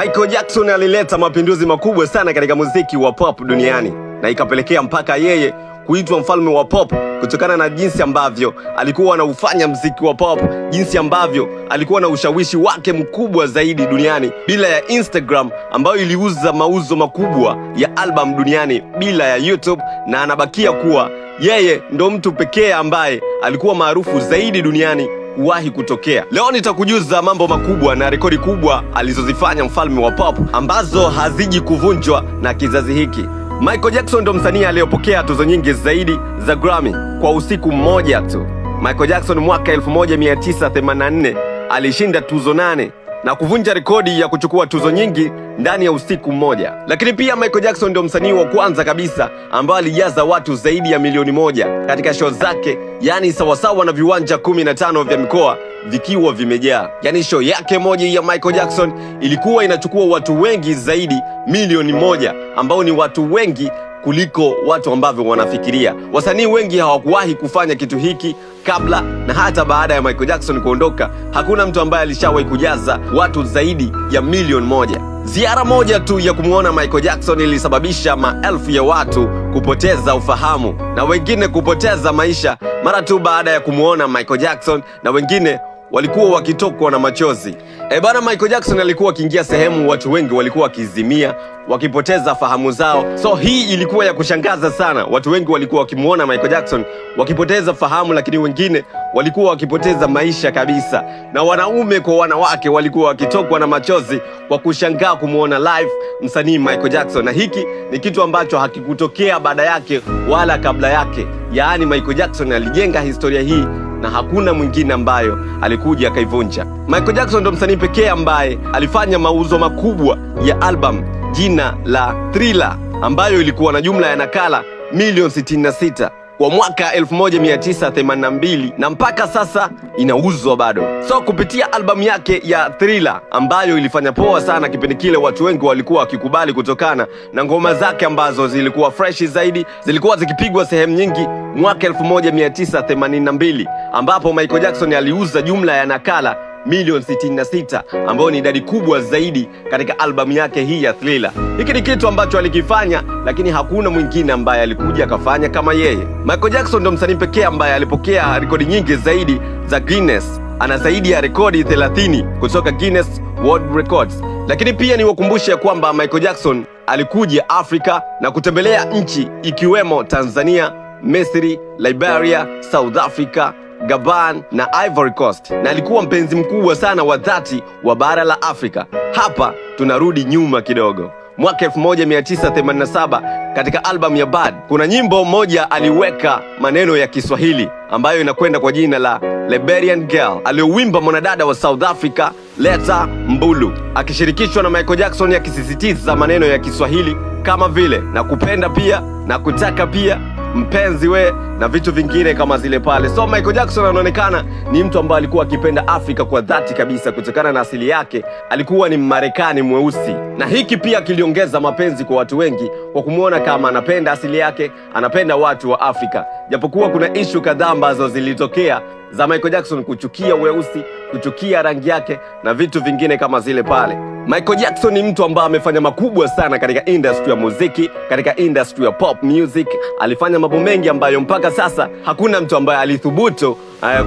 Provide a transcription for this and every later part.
Michael Jackson alileta mapinduzi makubwa sana katika muziki wa pop duniani na ikapelekea mpaka yeye kuitwa mfalme wa pop kutokana na jinsi ambavyo alikuwa anaufanya mziki wa pop, jinsi ambavyo alikuwa na ushawishi wake mkubwa zaidi duniani bila ya Instagram ambayo iliuza mauzo makubwa ya album duniani bila ya YouTube, na anabakia kuwa yeye ndo mtu pekee ambaye alikuwa maarufu zaidi duniani kuwahi kutokea. Leo nitakujuza mambo makubwa na rekodi kubwa alizozifanya mfalme wa pop ambazo haziji kuvunjwa na kizazi hiki. Michael Jackson ndo msanii aliyopokea tuzo nyingi zaidi za Grammy kwa usiku mmoja tu. Michael Jackson mwaka 1984 alishinda tuzo nane na kuvunja rekodi ya kuchukua tuzo nyingi ndani ya usiku mmoja. Lakini pia Michael Jackson ndio msanii wa kwanza kabisa ambaye alijaza watu zaidi ya milioni moja katika show zake, yaani sawasawa na viwanja 15 vya mikoa vikiwa vimejaa. Yaani show yake moja ya Michael Jackson ilikuwa inachukua watu wengi zaidi milioni moja ambao ni watu wengi kuliko watu ambavyo wanafikiria. Wasanii wengi hawakuwahi kufanya kitu hiki kabla, na hata baada ya Michael Jackson kuondoka, hakuna mtu ambaye alishawahi kujaza watu zaidi ya milioni moja. Ziara moja tu ya kumwona Michael Jackson ilisababisha maelfu ya watu kupoteza ufahamu na wengine kupoteza maisha mara tu baada ya kumwona Michael Jackson, na wengine walikuwa wakitokwa na machozi. E bana, Michael Jackson alikuwa akiingia sehemu, watu wengi walikuwa wakizimia, wakipoteza fahamu zao. So hii ilikuwa ya kushangaza sana. Watu wengi walikuwa wakimwona Michael Jackson wakipoteza fahamu, lakini wengine walikuwa wakipoteza maisha kabisa, na wanaume kwa wanawake walikuwa wakitokwa na machozi kwa kushangaa kumwona live msanii Michael Jackson, na hiki ni kitu ambacho hakikutokea baada yake wala kabla yake. Yaani Michael Jackson alijenga historia hii na hakuna mwingine ambayo alikuja akaivunja. Michael Jackson ndo msanii pekee ambaye alifanya mauzo makubwa ya albamu jina la Thriller ambayo ilikuwa na jumla ya nakala milioni 66 kwa mwaka 1982 na mpaka sasa inauzwa bado. So kupitia albamu yake ya Thriller ambayo ilifanya poa sana kipindi kile, watu wengi walikuwa wakikubali kutokana na ngoma zake ambazo zilikuwa fresh zaidi, zilikuwa zikipigwa sehemu nyingi mwaka 1982 ambapo Michael Jackson aliuza jumla ya nakala milioni 66 ambayo ni idadi kubwa zaidi katika albamu yake hii ya Thriller. Hiki ni kitu ambacho alikifanya, lakini hakuna mwingine ambaye alikuja akafanya kama yeye. Michael Jackson ndo msanii pekee ambaye alipokea rekodi nyingi zaidi za Guinness. Ana zaidi ya rekodi 30 kutoka Guinness World Records. Lakini pia niwakumbushe kwamba Michael Jackson alikuja Afrika na kutembelea nchi ikiwemo Tanzania, Misri, Liberia, South Africa Gabon na Ivory Coast, na alikuwa mpenzi mkubwa sana wa dhati wa bara la Afrika. Hapa tunarudi nyuma kidogo mwaka 1987 katika albamu ya Bad kuna nyimbo moja aliweka maneno ya Kiswahili ambayo inakwenda kwa jina la Liberian Girl aliyowimba mwanadada wa South Africa Leta Mbulu akishirikishwa na Michael Jackson akisisitiza maneno ya Kiswahili kama vile na kupenda pia na kutaka pia mpenzi we na vitu vingine kama zile pale. So Michael Jackson anaonekana ni mtu ambaye alikuwa akipenda Afrika kwa dhati kabisa, kutokana na asili yake alikuwa ni marekani mweusi, na hiki pia kiliongeza mapenzi kwa watu wengi kwa kumwona kama anapenda asili yake, anapenda watu wa Afrika, japokuwa kuna ishu kadhaa ambazo zilitokea za Michael Jackson, kuchukia weusi, kuchukia rangi yake na vitu vingine kama zile pale. Michael Jackson ni mtu ambaye amefanya makubwa sana katika industry ya muziki, katika industry ya pop music. Alifanya mambo mengi ambayo mpaka sasa hakuna mtu ambaye alithubutu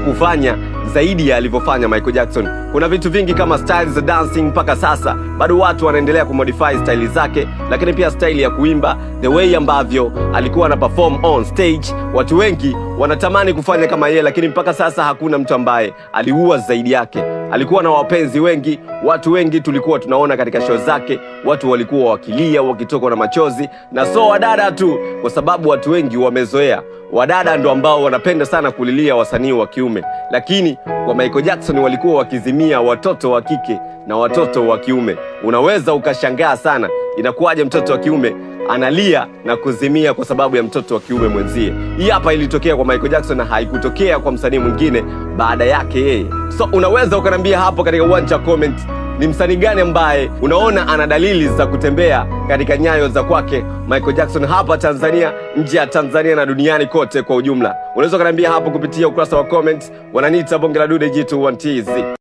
kufanya zaidi ya alivyofanya Michael Jackson. Kuna vitu vingi kama style za dancing mpaka sasa bado watu wanaendelea kumodify style zake, lakini pia style ya kuimba, the way ambavyo alikuwa ana perform on stage, watu wengi wanatamani kufanya kama yeye, lakini mpaka sasa hakuna mtu ambaye aliua zaidi yake. Alikuwa na wapenzi wengi, watu wengi tulikuwa tunaona katika show zake, watu walikuwa wakilia wakitokwa na machozi, na so wadada tu, kwa sababu watu wengi wamezoea Wadada ndo ambao wanapenda sana kulilia wasanii wa kiume, lakini kwa Michael Jackson walikuwa wakizimia watoto wa kike na watoto wa kiume. Unaweza ukashangaa sana, inakuwaje mtoto wa kiume analia na kuzimia kwa sababu ya mtoto wa kiume mwenzie. Hii hapa ilitokea kwa Michael Jackson na haikutokea kwa msanii mwingine baada yake yeye. So unaweza ukanaambia hapo katika uwanja comment ni msanii gani ambaye unaona ana dalili za kutembea katika nyayo za kwake Michael Jackson hapa Tanzania, nje ya Tanzania na duniani kote kwa ujumla? Unaweza ukaniambia hapo kupitia ukurasa wa comment. Wananiita bonge la dude G21 TZ.